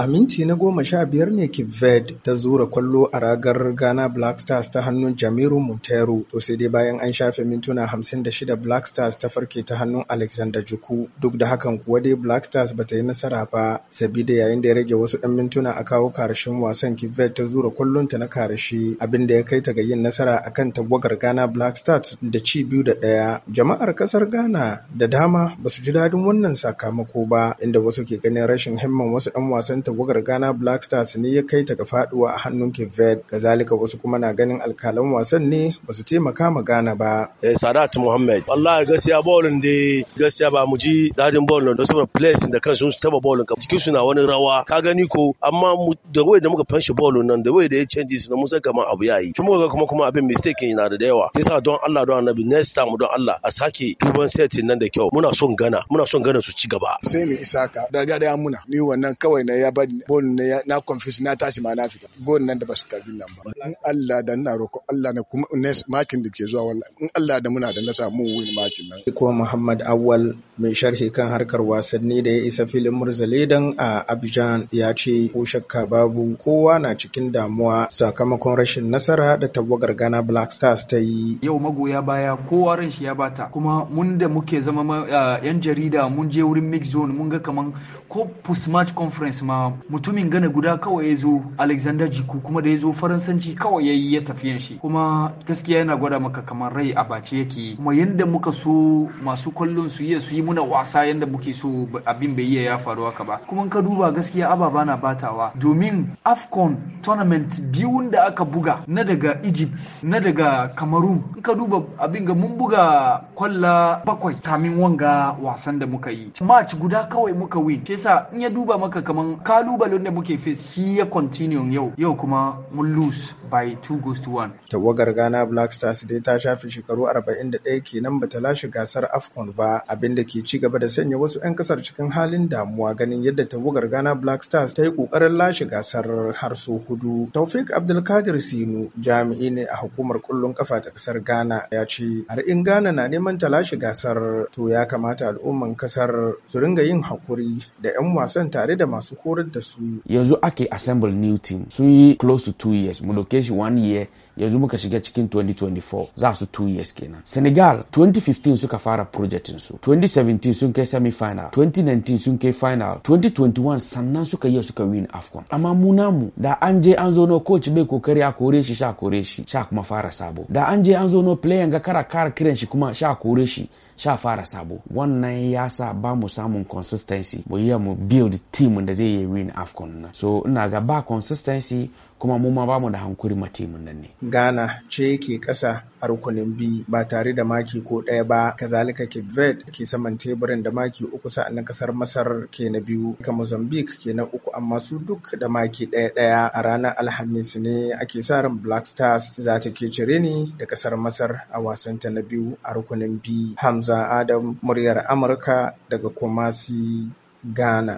A minti na goma sha biyar ne Cape ta zura kwallo a ragar Ghana Black Stars ta hannun Jamiru Montero. To sai dai bayan an shafe mintuna hamsin da shida Black Stars ta farke ta hannun Alexander Juku. Duk da hakan kuwa dai Black Stars bata yi nasara ba sabida yayin da ya rage wasu 'yan mintuna a kawo karshen wasan Cape Verde ta zura ta na karshe abin da ya kai ta ga yin nasara akan tagwagar Ghana Black Stars da ci biyu da ɗaya. Jama'ar kasar Ghana da dama basu ji daɗin wannan sakamako ba inda wasu ke ganin rashin himman wasu 'yan wasan tawagar Ghana Black Stars ne ya kai ta ga faduwa a hannun Cape Verde. Kazalika wasu kuma na ganin alkalan wasan ne ba su taimaka ma Ghana ba. Eh, Sadat Muhammad. Wallahi gaskiya bolin da gaskiya ba mu ji dadin bolin da saboda players da kansu sun taba bolin ka cikin su na wani rawa ka gani ko amma da wai da muka fanshi bolin nan da wai da ya changes na musa kamar abu yayi. Kuma ga kuma kuma abin mistake yana da yawa. Sai sa don Allah don Annabi next time don Allah a sake duban setin nan da kyau. Muna son Ghana, muna son Ghana su ci gaba. Sai mu isaka. Daraja da muna. Ni wannan kawai na ya bari gol ne na confuse na tashi ma na fita gol nan da ba su tafi nan ba in Allah da ina roko Allah na kuma makin da ke zuwa wallahi in Allah da muna da na samu win makin nan ko Muhammad Awwal mai sharhi kan harkar wasanni da ya isa filin murzale dan a Abidjan ya ce ko shakka babu kowa na cikin damuwa sakamakon rashin nasara da tawagar Ghana Black Stars ta yi yau magoya baya kowa ran shi ya bata kuma mun da muke zama yan jarida mun je wurin mix zone mun ga kaman ko post match conference ma mutumin gana guda kawai ya zo alexander jiku kuma da ya zo faransanci kawai ya yi ya tafiyan shi kuma gaskiya yana gwada maka kamar rai a bace yake kuma yanda muka so masu kwallon su iya su yi muna wasa yanda muke so abin bai iya ya faru haka ba kuma ka duba gaskiya ababa na batawa domin afcon tournament biyun da aka buga na daga egypt na daga cameroon in ka duba abin ga mun buga kwalla bakwai tamin wanga wasan da muka yi match guda kawai muka win shi yasa in ya duba maka kamar ka kalubalen da muke face shi ya continue yau yau kuma mun lose by 2 goes to 1 tawagar gana Black Stars dai ta shafe shekaru 41 kenan ba ta lashe gasar AFCON ba abinda ke ci gaba da sanya wasu 'yan kasar cikin halin damuwa ganin yadda tawagar gana Black Stars ta yi kokarin lashe gasar har so hudu Taufik Abdulkadir Sinu jami'i ne a hukumar kullun kafa ta kasar Ghana ya ce har in Ghana na neman ta lashe gasar to ya kamata al'umman kasar su ringa yin hakuri da 'yan wasan tare da masu horar da su yanzu ake assemble new team sun yi close to two years mu doke shi one year yanzu muka shiga cikin 2024 za su two years kenan senegal 2015 suka fara projectin su 2017 sun kai semi final 2019 sun kai final 2021 sannan suka yi suka win afcon amma mu namu da an je an zo no coach bai kokari a kore shi sha kore shi sha kuma fara sabo da an je an zo no player ga kara kara kiran shi kuma sha kore shi sha fara sabo wannan ya sa ba mu samun consistency mu yi mu build team da zai yi win afcon na so ina ga ba consistency kuma mu ma ba mu da hankuri ma team nan ne ghana ce ke kasa a rukunin bi ba tare da maki ko ɗaya ba kazalika cape verde ke saman teburin da maki uku sa na kasar masar ke na biyu ka mozambique ke na uku amma su duk da maki ɗaya ɗaya a ranar alhamis ne ake sa ran black stars za ta ke cire ni da kasar masar a wasanta na biyu a rukunin bi hamza Hamza Adam muryar Amurka daga Kumasi, Ghana.